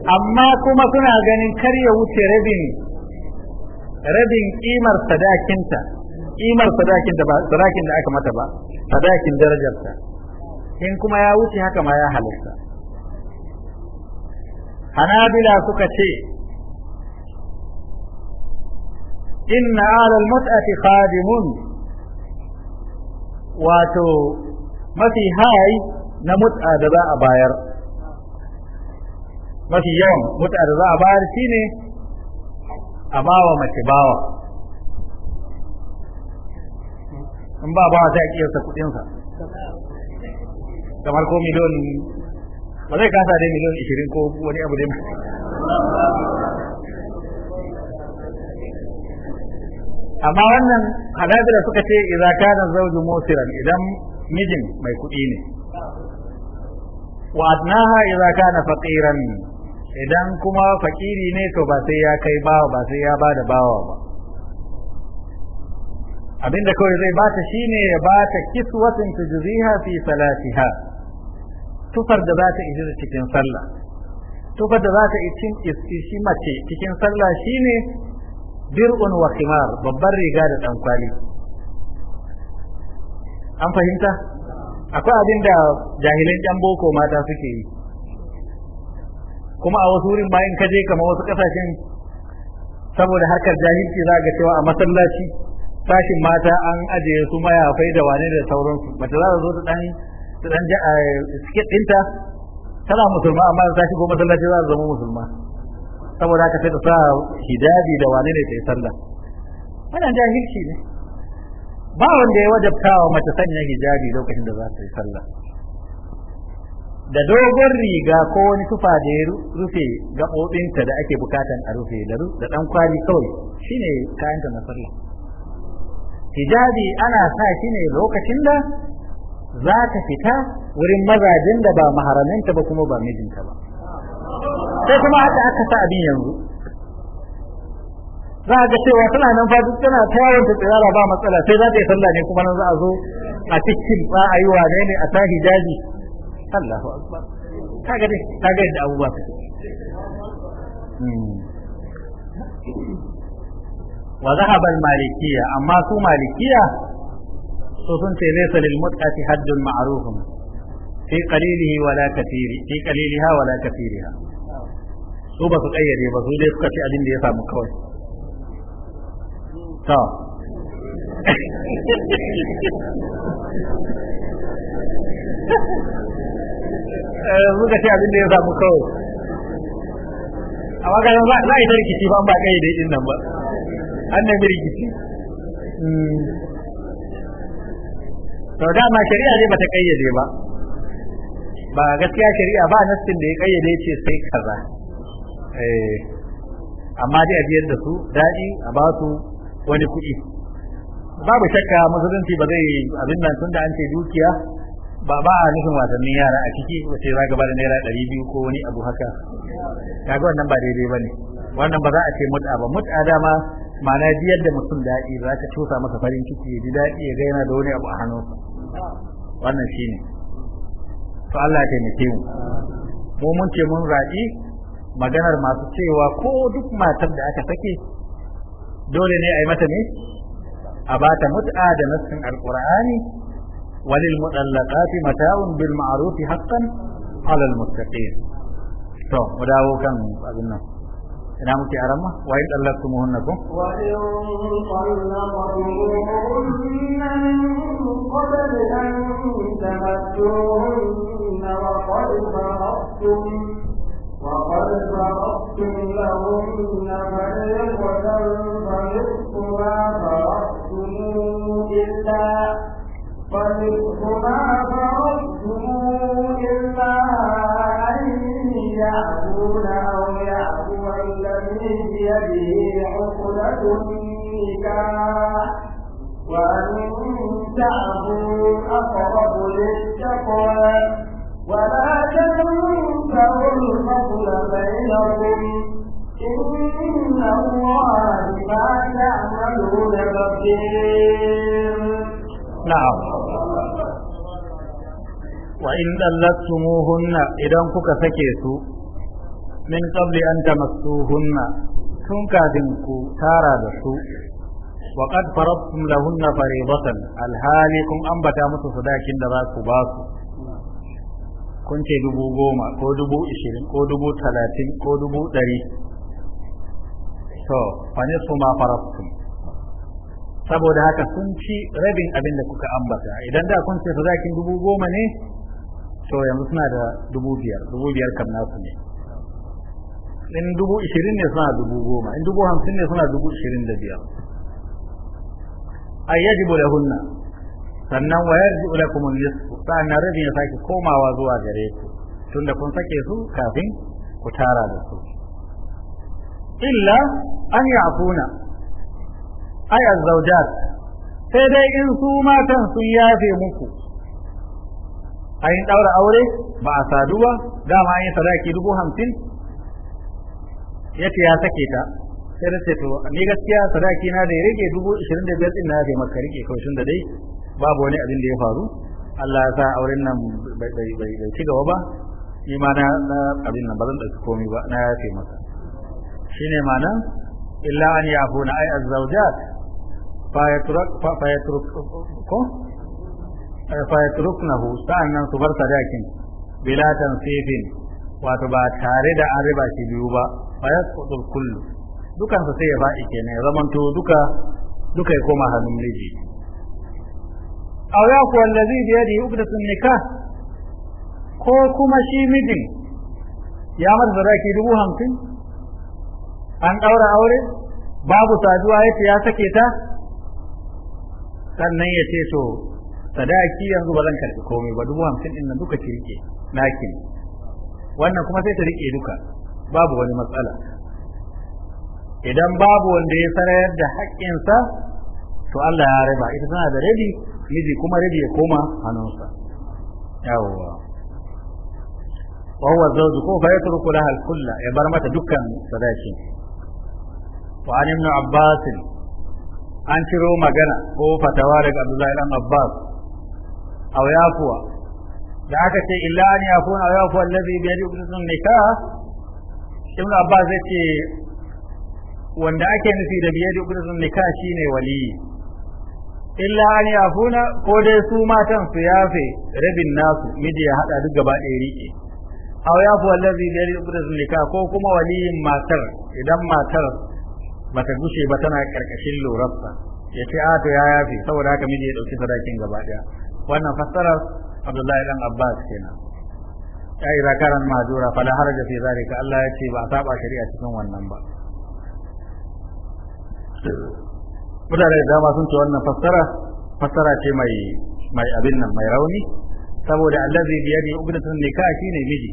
amma kuma suna ganin kar ya wuce rabin rabin kimar sadakinta kimar sadakin da ba sadakin da aka mata ba sadakin darajarta in kuma ya wuce haka ma ya halitta hanabila suka ce inna ala al khadimun wato mafi hayi na mut'a da za a bayar mafi yawan mut'a da za a bayar shine a bawa mace bawa in ba bawa sai a kiyarsa kudinsa kamar ko miliyon ba zai kasa dai miliyon ishirin ko wani abu dai amma wannan da suka ce idza kana zawju musiran idan mijin mai kuɗi ne wa adnaha idza kana faqiran idan kuma fakiri ne to ba sai ya kai bawa ba sai ya bada bawa ba abinda kawai zai bata shine ya bata kiswatin tujziha fi salatiha tufar da za ta ijira cikin sallah tufar da za ta cikin ishi mace cikin sallah shine dir'un wa khimar babbar riga da dan an fahimta akwai abinda jahilan yan boko mata suke yi kuma a wasu wurin bayan kaje kamar wasu kasashen saboda harkar jahilci za ga cewa a masallaci sashin mata an ajiye su mayafai da wane da sauransu mace za ta zo ta dan ta dan ja eh, siket dinta tana musulma amma ta shigo masallaci za ta zama musulma saboda haka sai ta sa hijabi da wane ne ta yi sallah wannan jahilci ne ba wanda ya wajabta wa mace sanya hijabi lokacin da za ta yi sallah da dogon riga ko wani tufa da ya rufe gaɓoɓinta da ake bukatan a rufe da ɗan kwali kawai shine kayanta na sallah hijabi ana sa shi ne lokacin da za ta fita wurin mazajen da ba maharaminta ba kuma ba mijinta ba sai kuma haka aka sa abin yanzu za a ga cewa tana nan fa tana ta yawon ta tsirara ba matsala sai za ta yi sallah ne kuma nan za a zo a cikin ba a yi ne ne a ta hijabi Allahu akbar kaga dai kaga yadda abubuwa suke hmm. wa zahaba malikiya amma su malikiya? so sun ce laysa lil mut'ati haddun ma'arufin. fi qalilihi wa la kathiri fi qaliliha wa la kathiriha su ba su kayyade ba su dai suka ce abin da ya samu kawai to <laughs> Eh, muka ce abin da ya samu kawai amma ga za a yi ta rikici ba ba kai da yin nan ba an da rikici hmm. to dama shari'a ne bata kayyade ba ba gaskiya shari'a ba nassin da ya kayyade ce sai kaza eh, amma dai a biyar da su daɗi a ba su wani kuɗi babu shakka musulunci ba zai abin nan tunda an ce dukiya ba ba a nufin wasannin yara a ciki sai za ka da naira ɗari biyu ko wani abu haka kaga wannan ba daidai ba ne wannan ba za a ce mut'a ba mut'a dama ma'ana biyar da mutum daɗi za ka cusa masa farin ciki ya ji daɗi ya gaina da wani abu a hannu. wannan shi ne to Allah ya taimake mu mu mun ce mun raɗi maganar masu cewa ko duk matar da aka sake dole ne a yi mata ne a bata mut'a da nassin alƙur'ani وللمطلقات متاع بالمعروف حقا على المتقين تو وداو كان قلنا انا متي ارمى وان طلقتموهنكم وان طلقتموهن قبل ان تمسوهن وقد فرضتم وقد فرضتم لهن لكم النكاح وأن تعفوا أقرب للتقوى ولا تنسوا الفضل بينكم إن الله بما تعملون بصير نعم وإن دلتموهن إذا كك سكيتوا من قبل أن تمسوهن tun kafin ku tara da su wa qad faradtum lahunna fariidatan alhali kun ambata musu sadakin da za ku ba su kun ce dubu goma ko dubu ishirin ko dubu talatin ko dubu ɗari to fa nisfu ma faradtum saboda haka sun ci rabin abin da kuka ambata idan da kun ce sadakin dubu goma ne to yanzu suna da dubu biyar dubu biyar kam nasu ne in dubu ishirin ne suna dubu goma in dubu hamsin ne suna dubu ishirin da biyar a yajibu da hunna sannan wa yarji'u lakum an-nisfu sa'annan rabin ya sake komawa zuwa gare ku tunda kun sake su kafin ku tara da su illa an yi ay az-zawjat sai dai in su matan sun yafe muku a yin daura aure ba a saduwa dama an yi sadaki dubu hamsin ya ce ya sake ta sai na ce to ni gaskiya sadaki na da ya rage dubu ishirin da biyar din na je maka rike kaushin da dai babu wani abin da ya faru Allah ya sa auren nan bai ci gaba ba ni ma na abin nan ba zan ɗauki komai ba na yafe masa shine nan illa an yafuna ai azzawjat fa yatruk fa yatruk ko fa yatruknahu su bar sadakin bila tansifin wato ba tare da an riba shi biyu ba fayasqutul kullu duka sai ya bai kenan ya to duka duka ya koma hannun miji aw ya ku allazi bi yadi uqdatun nikah ko kuma shi mijin ya mata zaraki dubu hamsin an ɗaura aure babu saduwa yace ya sake ta sannan ya ce to sadaki yanzu ba zan karbi komai ba dubu hamsin din nan duka ke rike nakin wannan kuma sai ta rike duka babu wani matsala idan babu wanda ya sarayar da haƙƙinsa to Allah ya raba ita tana da rabi miji kuma rabi ya koma hannunsa yawwa wa huwa zawju ko fa yatruku laha ya bar mata dukkan sadaki wa an an ciro magana ko fatawa daga abdullahi dan abbas aw yafuwa da aka ce illa ibn abbas zai ce wanda ake nufi da biyar yuqrisun nikah shine wali illa an yafuna ko dai su matan su yafe rabin nasu miji ya hada duk gaba ɗaya rike aw yafu allazi biyar yuqrisun nikah ko kuma waliyin matar idan matar bata gushe ba tana karkashin lurarsa ya ce a ya yafe saboda haka miji ya dauki sadakin gaba ɗaya wannan fassarar abdullahi dan abbas kenan idza kana ma'zura fala haraja fi zalika Allah ya ce ba a saba shari'a cikin wannan ba mutane da dama sun ce wannan fassara fassara ce mai mai abin nan mai rauni saboda allazi bi yadi ubdatun nikah shine miji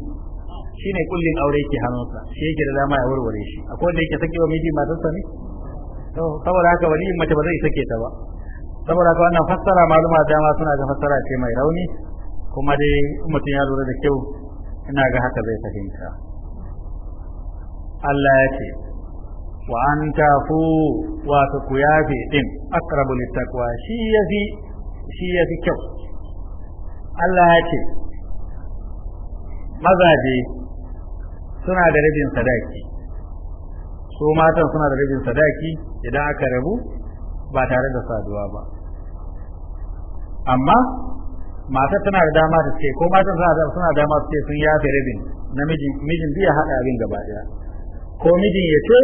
shine kullin aure ke hannunsa shi yake da dama ya warware shi akwai wanda yake wa miji matarsa ne to saboda haka waliyin mace ba zai sake ta ba saboda haka wannan fassara maluma dama suna da fassara ce mai rauni kuma dai mutum ya lura da kyau ina ga haka zai fahimta Allah ya ce wa an tafu wato ku yafe din aqrabu littaqwa shi yafi shi fi kyau Allah ya ce mazaje suna da rabin sadaki su matan suna da rabin sadaki idan aka rabu ba tare da saduwa ba amma matar tana da dama ta ce ko matan suna da dama suke ce sun yafe rabin namiji mijin zai haɗa abin gaba ɗaya ko mijin ya ce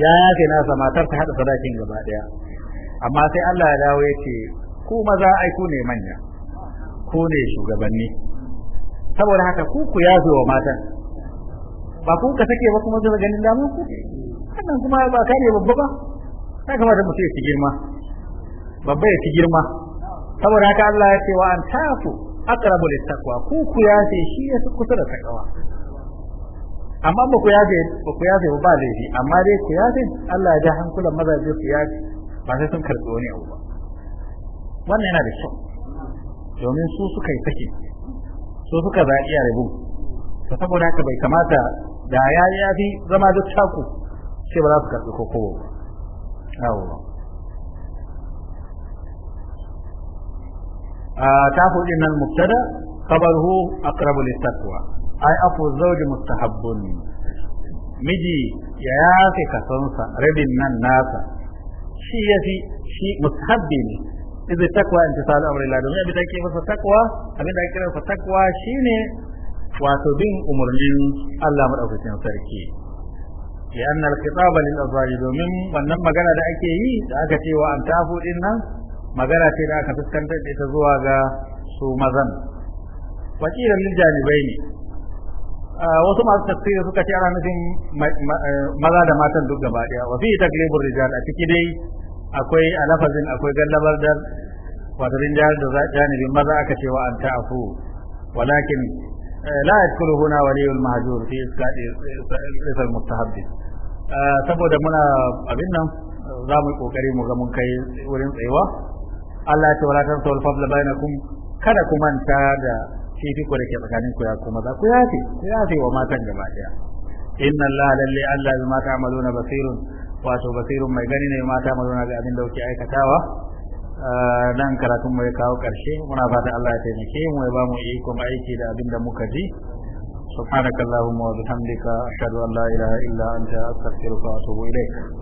ya yafe nasa matar ta haɗa sadakin gaba ɗaya amma sai Allah ya dawo ya ce ku maza ai ku ne manya ku ne shugabanni saboda haka ku ku yafe wa matan ba ku ka sake ba kuma zai ganin damu ku sannan kuma ba kai ne babba ba ya kamata mutum ya ci girma babba ya ci girma saboda haka Allah ya ce wa an tafu aqrabu taqwa ku ku ce shi ya kusa da takawa amma ba ku ya ba ku ce ba dai amma dai ku ya ce Allah ya ja hankulan mazaje ku ya ce. ba sai sun karɓi wani abu ba wannan yana da kyau domin su suka yi sake su suka zaɓi a rabu to saboda haka bai kamata da ya fi zama da taku sai ba za su karɓi ko kowa ba tafu din al mubtada khabaruhu aqrabu lit taqwa ai afu shine wato umarnin Allah madaukakin sarki ya anna magana da ake yi da aka magana sai da aka fuskantar da ita zuwa ga su mazan wakilan lil janibai ne wasu masu tafsiri suka ce ana nufin eh, maza da matan duk gaba daya wa fi taglibur rijal a ciki dai akwai a lafazin akwai gallabar da wato da janibin maza aka ce wa an ta'afu walakin eh, la yadkhulu huna waliyul mahjur fi isqati isal mustahabb eh, saboda muna abin nan za mu kokari mu ga mun kai wurin tsayuwa Allah ya ce wala tansul fadla bainakum kada ku manta da kifi ku da ke tsakanin ku ya kuma za ku yafe ku yafe wa matan gaba daya inna Allah lalle Allah bima ta'maluna basirun wato basirun mai gani ne ma na ga abin da kuke aikatawa dan ah, karatun mu ya kawo karshe muna fata Allah ya taimake mu ya ba mu ikon aiki da abin da muka ji سبحانك اللهم وبحمدك أشهد أن لا إله إلا أنت أستغفرك وأتوب إليك